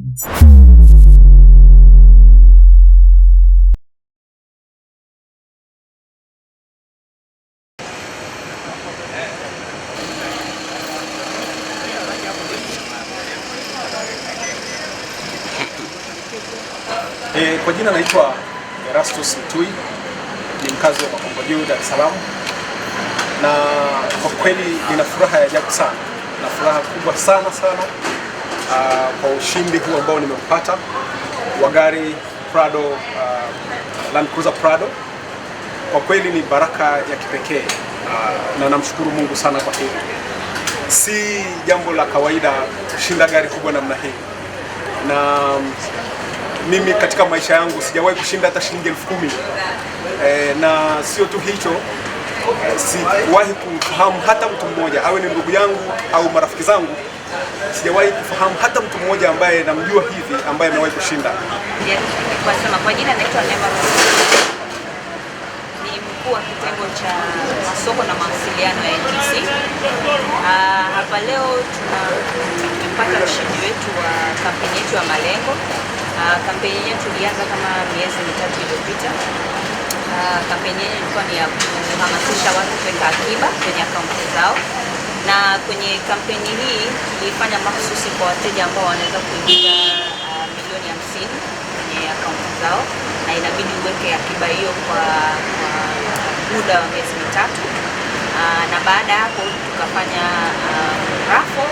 E, kwa jina naitwa Erastus Mtui, ni mkazi wa Juu, Dar es Salaam, na kwa kweli nina furaha ya ajabu sana na furaha kubwa sana sana uh, kwa ushindi huu ambao nimeupata wa gari Prado uh, Land Cruiser Prado kwa kweli ni baraka ya kipekee uh, na namshukuru Mungu sana kwa hili. Si jambo la kawaida kushinda gari kubwa namna hii, na mm, mimi katika maisha yangu sijawahi kushinda hata shilingi elfu kumi eh, na sio tu hicho e, siwahi kufahamu hata mtu mmoja awe ni ndugu yangu au marafiki zangu sijawahi kufahamu hata mtu mmoja ambaye namjua hivi ambaye amewahi kushinda. Kwa jina naitwa Neema mkuu wa kitengo cha masoko na mawasiliano ya NTC. Ah, hapa leo tunapata ushindi wetu wa kampeni yetu ya malengo. Ah, kampeni yenyewe tulianza kama miezi mitatu iliyopita. Ah, kampeni yenyewe ilikuwa ni ya kuhamasisha watu kuweka akiba kwenye akaunti zao na kwenye kampeni hii tulifanya mahususi kwa wateja ambao wanaweza kuingiza uh, milioni hamsini kwenye akaunti zao, na inabidi uweke akiba hiyo kwa muda wa miezi mitatu. Uh, na baada ya hapo tukafanya uh, rafo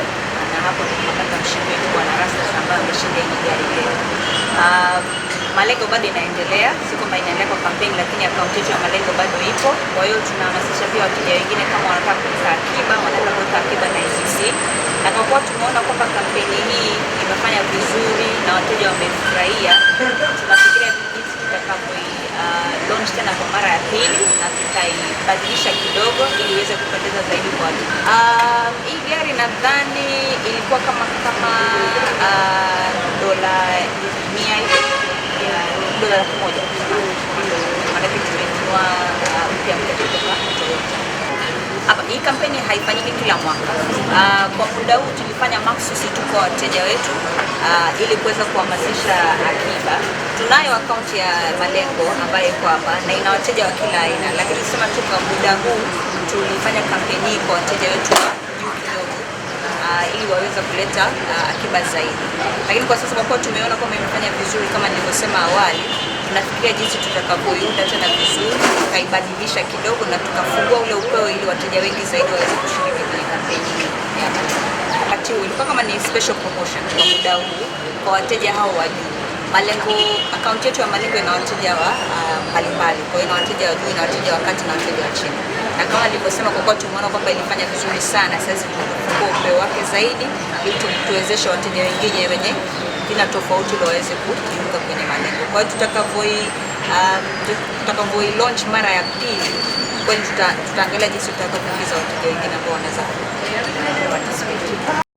na hapo tukapata mshindi wetu Bwana Rasta ambaye ameshinda hii gari leo. Um, malengo bado inaendelea, Sukuma inaendelea kwa kampeni, lakini akaunti yetu ya malengo bado ipo. Kwa hiyo tunahamasisha pia wateja wengine kama wanataka kuweka akiba, wanataka kuweka akiba na NBC, e na kwa kuwa tumeona kwamba kampeni hii imefanya vizuri na wateja wamefurahia, tunafikiria jinsi tutakapo uh, launch tena kwa mara ya pili na tutaibadilisha kidogo ili iweze kupendeza zaidi kwa watu. Uh, hii gari nadhani ilikuwa kama kama uh, dola mia dola laki moja maanake tumenunua uh, mpya hapa. Hii kampeni haifanyiki kila mwaka. Uh, kwa muda huu tulifanya mahususi tu kwa wateja wetu uh, ili kuweza kuhamasisha akiba. Tunayo akaunti ya malengo ambayo iko hapa na ina wateja wa kila aina, lakini sema tu kwa muda huu tulifanya kampeni hii kwa wateja wetu wa juu kidogo uh, ili waweze kuleta uh, akiba zaidi. Lakini kwa sasa kwa kuwa tumeona kwamba imefanya vizuri kama nilivyosema awali, tunafikiria jinsi tutakavyoiunda tena vizuri, tukaibadilisha kidogo na tukafungua ule upeo ili wateja wengi zaidi waweze kushiriki kwenye kampeni hii. Wakati huu ilikuwa kama ni special promotion kwa muda huu kwa wateja hao wa juu. Malengo, akaunti yetu ya malengo ina wateja wa uh, mbalimbali, kwa hiyo ina wateja wa juu, ina wateja wa kati na wateja wa chini na kama nilivyosema, kwa kuwa tumeona kwamba ilifanya vizuri sana, sasa tunafungua upeo wake zaidi ili tuwezeshe wateja wengine wenye kina tofauti ndio waweze kujiunga kwenye malengo. Kwa hiyo tutakavoi um, tutakavoi launch mara ya pili kweli, tutaangalia jinsi tutakavyopongeza wateja wengine ambao wanaweza